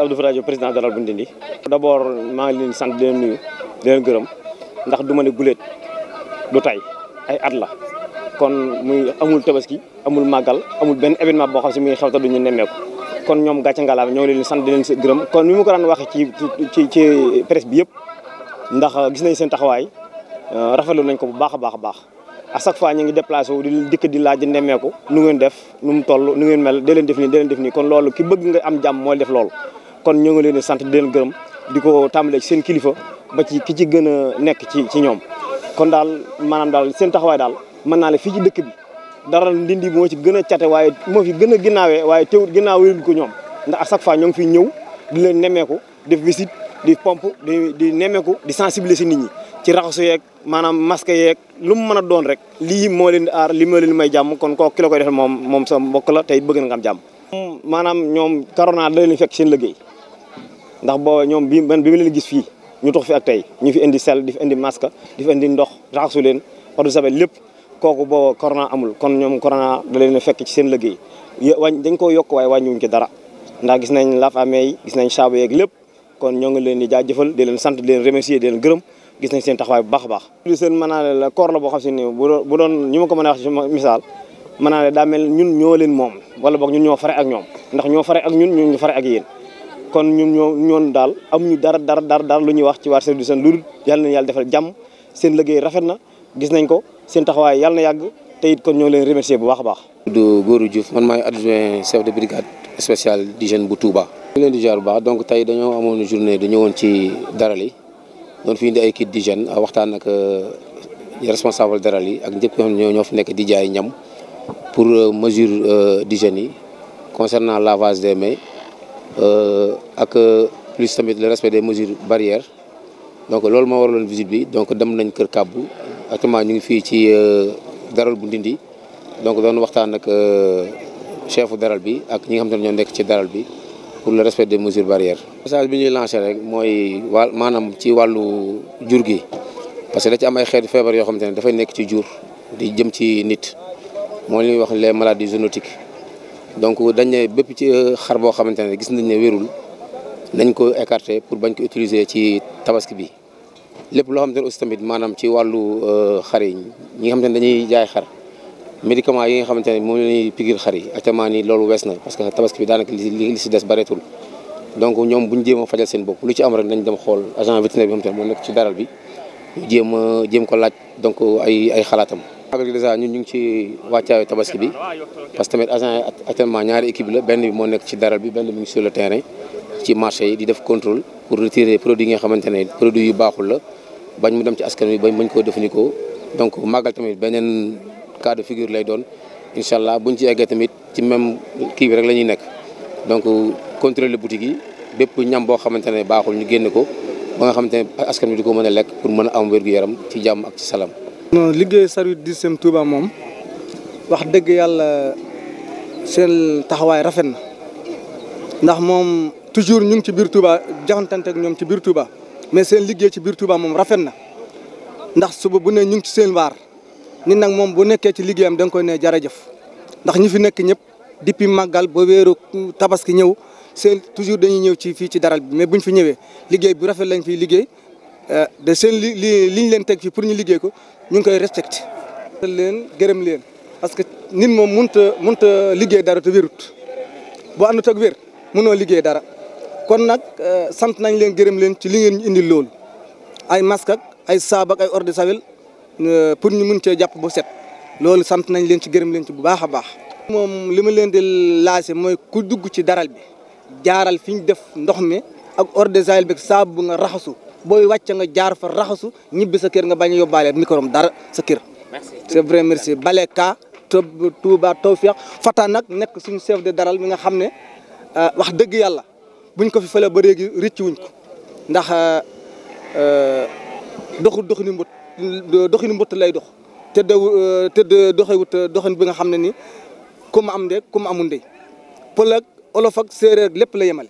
Abdou Diouf rajo président dalal bu Ndindi d' abord maa ngi leen sant di leen nuyu di gërëm ndax du ma ne guléet du tay ay at la kon muy amul tabaski amul màggal amul benn événement boo xam si mi ngi xew te duñu nemmeeku kon ñoom gàcce ngalaam ñoo ngi leen sant di leen gërëm kon ni mu ko daan waxee ci ci ci bi yëpp ndax gis nañ seen taxawaay euh, rafetlu nañ ko bu baax a baax a baax à chaque fois ñu ngi déplacé wu di dikk di laaj di nemmeeku nu ngeen def nu mu toll nu ngeen mel da leen def nii da leen def nii kon loolu ki bëgg am jàmm def loolu kon ñoo ngi leen sant di leen gërëm di ko tàmbalee ci seen kilifa ba ci ki ci gën nekk ci ci ñoom kon daal maanaam daal seen taxawaay daal mën naa la fii ci dëkk bi dara ndindi moo ci gën a cate waaye moo fi gën ginaawe waaye waaye teewut ginnaawul ko ñoom ndax à chaque fois ñoo ngi fi ñëw di leen nemmeeku def visite di pompe di di nemmeeku di sensibiliser nit ñi ci raxasu yeeg maanaam masque yeeg lu mu mën a doon rek lii moo leen di aar li moo leen may jàmm kon ko ki ko koy moom moom sa mbokk la tey bëgg na nga jàmm maanaam ñoom corona da leen ndax booba ñoom bi man bi ma leen gis fii ñu tux fi ak tey ñu fi indi sel di fi indi masque di fi indi ndox raxasu leen eau de javel lépp kooku booba corona amul kon ñoom corona da leen a ci seen liggéey wàñ dañ koo yokk waaye wàññiwuñ ci dara ndax gis nañ laaf gis nañ saabu yeeg lépp kon ñoo ngi leen di jaajëfal di leen sant di leen remercier di leen gërëm gis nañ seen bu baax a baax li seen mënaale la la boo xam si ni bu doon mën a wax ci mel ñun ñoo leen moom wala boog ñun ñoo fare ak ñoom ndax ñoo fare ak ñun ñun ñu fare ak yéen kon ñun ñoo ñoon daal amuñu dara dara dara dara lu ñuy wax ci waa service d'hygiène lu dul yàlla na yàlla defal jàmm seen liggéey rafet na gis nañ ko seen taxawaay yàlla na yàgg te it kon ñoo leen remercier bu baax a baax. du Góoru Diouf man maay adjoint chef de brigade di d'hygiène bu Touba. ñu leen di jaar bu baax donc tey dañoo amoon journée dañu ñëwoon ci daral yi fii fi indi di kit a waxtaan ak euh, responsable dara yi ak ñëpp ñoo ñoo fi nekk di jaay ñam pour euh, mesure euh, d'hygiène yi concernant lavage des mains. Euh, ak euh, plus tamit la respect des mesures barrières donc loolu moo waraloon visite bi donc dem nañ Kër Kàbbu actuellement ñu ngi fii ci euh, daral bu Ndindi donc doon waxtaan ak chefu daral bi ak ñi nga xam ne ñoo nekk ci daral bi pour le respect de mesures barrières. message bi ñuy lancé rek mooy maanaam ci wàllu jur gi parce que da ci am ay xeetu feebar yoo xamante ne dafay nekk ci jur di jëm ci nit moo li ñuy wax les maladies zoonotiques. donc dañ ne bépp ci euh, xar boo xamante ne gis nañ ne wérul nañ ko écarter pour bañ ko utiliser ci tabaski bi lépp loo xamante ne aussi tamit maanaam ci wàllu euh, xar yi ñi nga xamante ne dañuy jaay xar médicament yi nga xamante ne moom la ñuy xar yi actuellement nii loolu wees na parce que tabaski bi daanaka li si des bareetul donc ñoom bu ñu jéem a fajal seen bopp lu ci am rek nañ dem xool agent vétérinaire bi nga xamante ne moo nekk ci bi jéem jéem ko laaj donc ay ay xalaatam avec déjà ñun ñu ngi ci wàccaayu tabaski bi parce que tamit agent yi actuellement ñaari équipe la benn bi moo nekk ci daral bi benn bi le terrain ci marché yi di def contrôle pour retirer produit yi nga xamante ne produit yu baaxul bañ mu dem ci askan wi bañ bañ koo jëfandikoo donc màggal tamit beneen cas de figure lay doon incha allah ñu ci eggee tamit ci même kii bi rek la ñuy nekk donc contrôler boutique yi bépp ñam boo xamante ne baaxul ñu génn ko ba nga xamante ne askan wi di ko mën a lekk pour mën a am wér yaram ci jàmm ak ci salaam non liggéey service d'hygiène Touba moom wax dëgg yàlla seen taxawaay rafet na ndax moom toujours ñu ngi ci biir Touba jaxantante ak ñoom ci biir Touba mais seen liggéey ci biir Touba moom rafet na ndax suba bu ne ñu ngi ci seen waar nit nag moom bu nekkee ci liggéeyam da nga koy ne jëf ndax ñi fi nekk ñëpp depuis màggal ba wéeru tabaski ñëw seen toujours dañu ñëw ci fii ci daral bi mais buñ fi ñëwee liggéey bu rafet lañ fiy liggéey Eh, de seen li li ñu leen teg fii pour ñu liggéey ko ñu ngi koy respecté. leen gërëm leen parce que nit moom mënut a mënut a liggéey dara te wérut boo àndut ak wér mënoo liggéey dara kon nag eh, sant nañ leen gërëm leen ci li ngeen ñu indi loolu ay masque ay saab ay eau de javel eh, pour ñu mun cee jàpp bu set loolu sant nañ leen ci gërëm leen ci bu baax a baax. moom li ma leen di laase mooy ku dugg ci daral bi jaaral fi ñu def ndox mi ak eau de javel bi saabu nga raxasu. booy wàcc nga jaar fa raxasu ñibbi sa kër nga bañ a yóbbaale micro dara sa kër. merci c'est vrai merci ka Touba Tawfiq Fata nag nekk suñ chef de daral mi nga xam ne euh, wax dëgg yàlla buñ ko fi fële ba léegi rëcc wuñ ko ndax euh, euh, doxu doxinu mbut doxinu mbut lay dox te de te de doxewut doxin bi nga xam ne ni ku am ndey kom mu amul ndey pël ak olof ak séeréer lépp la yemal